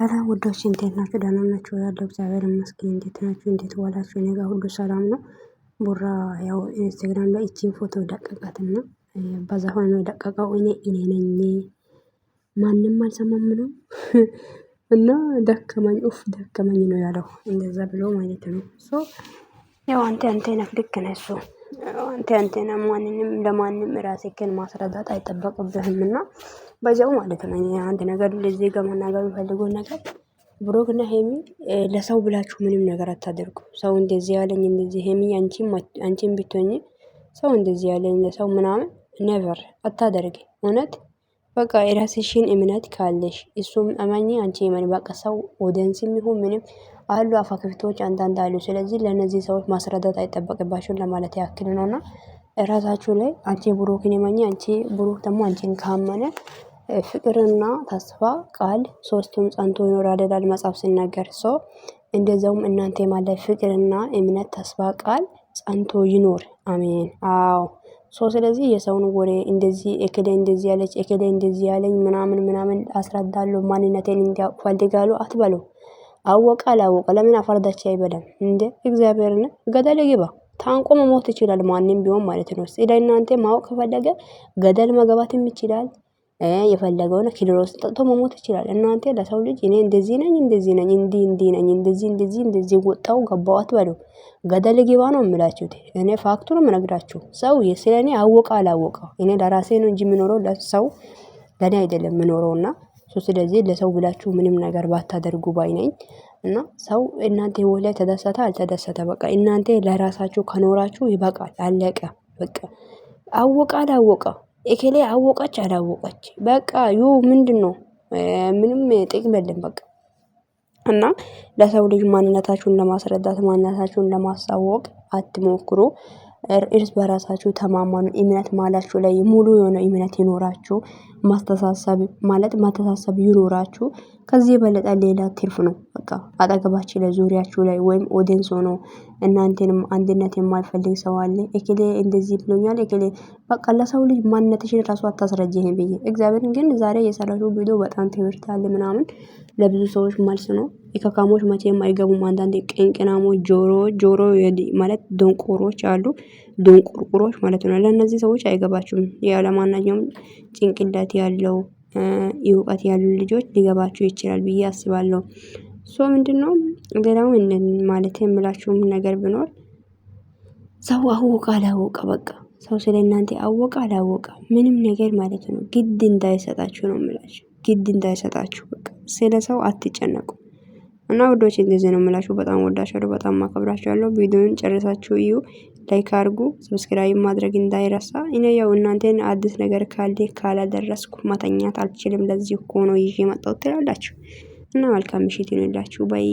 ሰላም ውዶች እንዴት ናችሁ? ደህና ናችሁ? ያለው እግዚአብሔር ይመስገን። እንዴት ናችሁ? እንዴት ዋላችሁ? እኔ ጋር ሁሉ ሰላም ነው። ቡራ ያው ኢንስታግራም ላይ እቺን ፎቶ ደቀቃትና በዛ ሆኖ ነው እኔ እኔ ነኝ ማንም አልሰማም ነው እና ደከመኝ፣ ኡፍ ደከመኝ ነው ያለው። እንደዛ ብሎ ማለት ነው። ሶ ያው አንተ አንተ ነፍልክ ልክ አንተ አንተና ማንንም ለማንም ራስህን ማስረዳት አይጠበቅብህም እና በዚያው ማለት ነው። አንድ ነገር ለዚህ ጋር መናገር የምፈልገው ነገር ብሩክና ሄሚ ለሰው ብላችሁ ምንም ነገር አታደርጉ። ሰው እንደዚህ ያለኝ እንደዚህ ሄሚ አንቺም አንቺም ብትሆኚ ሰው እንደዚህ ያለኝ ለሰው ምናምን ኔቨር አታደርጊ። እውነት በቃ የራስሽን እምነት ካለሽ እሱም አማኝ አንቺ ማን በቃ ሰው ወደንስ የሚሆን ምንም አሉ አፋክፍቶች አንዳንድ አሉ። ስለዚህ ለእነዚህ ሰዎች ማስረዳት አይጠበቅባቸውን ለማለት ያክል ነውና ራሳችሁ ላይ አንቺ ብሩክን የመኘ አንቺ ብሩክ ደግሞ አንቺን ካመነ ፍቅርና ተስፋ ቃል ሶስቱም ጸንቶ ይኖራል ይላል መጽሐፍ ሲናገር ሶ እንደዚያውም እናንተ ማለ ፍቅርና እምነት ተስፋ ቃል ጸንቶ ይኖር አሜን። አዎ ሶ ስለዚህ የሰውን ወሬ እንደዚህ እክሌ እንደዚህ ያለች እክሌ እንደዚህ ያለኝ ምናምን ምናምን አስረዳለሁ ማንነቴን እንዲያውቅ ፈልጋሉ አትበሉ። አወቀ አላወቀ ለምን አፈርዳች አይበለም እንደ እግዚአብሔርን ገደል ይግባ። ታንቆ መሞት ይችላል ማንም ቢሆን ማለት ነው። ስለ እናንተ ማወቅ ከፈለገ ገደል መግባትም ይችላል። የፈለገውን ኪሎሮስ ጠጥቶ መሞት ይችላል። እናንተ ለሰው ልጅ እኔ እንደዚህ ነኝ እንደዚህ ነኝ እንዲህ እንዲህ ነኝ እንደዚህ እንደዚህ እንደዚህ ወጣው ገባው አትበሉ። ገደል ግባ ነው የምላችሁት። እኔ ፋክቱ ነው የምነግራችሁ። ሰው ስለ እኔ አወቀ አላወቀ እኔ ለራሴ ነው እንጂ የምኖረው ለሰው ለእኔ አይደለም የምኖረውና ሶ ስለዚህ ለሰው ብላችሁ ምንም ነገር ባታደርጉ ባይ ነኝ እና ሰው እናንተ ህይወት ላይ ተደሰተ አልተደሰተ በቃ እናንተ ለራሳችሁ ከኖራችሁ ይበቃል። አለቀ በቃ አወቀ አላወቀ እከሌ አወቀች አላወቀች በቃ ዩ ምንድን ነው ምንም ጥቅም የለም በቃ እና ለሰው ልጅ ማንነታችሁን ለማስረዳት ማንነታችሁን ለማሳወቅ አትሞክሩ። እርስ በራሳችሁ ተማማኑ። እምነት ማላችሁ ላይ ሙሉ የሆነ እምነት ይኖራችሁ፣ ማስተሳሰብ ማለት ማስተሳሰብ ይኖራችሁ። ከዚህ የበለጠ ሌላ ትርፍ ነው። በቃ አጠገባችሁ ላይ ዙሪያችሁ ላይ ወይም ኦዲንስ ሆኖ እናንተንም አንድነት የማይፈልግ ሰው አለ። እክሌ እንደዚህ ብሎኛል፣ እክሌ በቃ ለሰው ልጅ ማንነትሽን ራሱ አታስረጅህን ብዬ እግዚአብሔር ግን ዛሬ የሰራሹ ቪዲዮ በጣም ትምህርት አለ ምናምን ለብዙ ሰዎች መልስ ነው። የካካሞች መቼም አይገቡም። አንዳንድ ቅንቅናሞች ጆሮ ጆሮ ማለት ደንቆሮች አሉ ደንቆርቁሮች ማለት ነው። ለእነዚህ ሰዎች አይገባችሁም። ያለማናኛውም ጭንቅላት ያለው እውቀት ያሉ ልጆች ሊገባችሁ ይችላል ብዬ አስባለሁ። ሶ ምንድነው ሌላው ማለት የምላችሁም ነገር ቢኖር ሰው አወቀ አላወቀ በቃ ሰው ስለ እናንተ አወቀ አላወቀ ምንም ነገር ማለት ነው ግድ እንዳይሰጣችሁ ነው የምላችሁ። ግድ እንዳይሰጣችሁ በቃ ስለ ሰው አትጨነቁ እና ውዶች እንደዚህ ነው የምላችሁ። በጣም ወዳችኋለሁ፣ በጣም አከብራችኋለሁ። ቪዲዮን ጨርሳችሁ እዩ፣ ላይክ አድርጉ፣ ሰብስክራይብ ማድረግ እንዳይረሳ። እኔ ያው እናንተን አዲስ ነገር ካለ ካላደረስኩ መተኛት አልችልም። ለዚህ እኮ ነው ይዤ መጣሁት ትላላችሁ እና መልካም ምሽት ይሁንላችሁ ባይ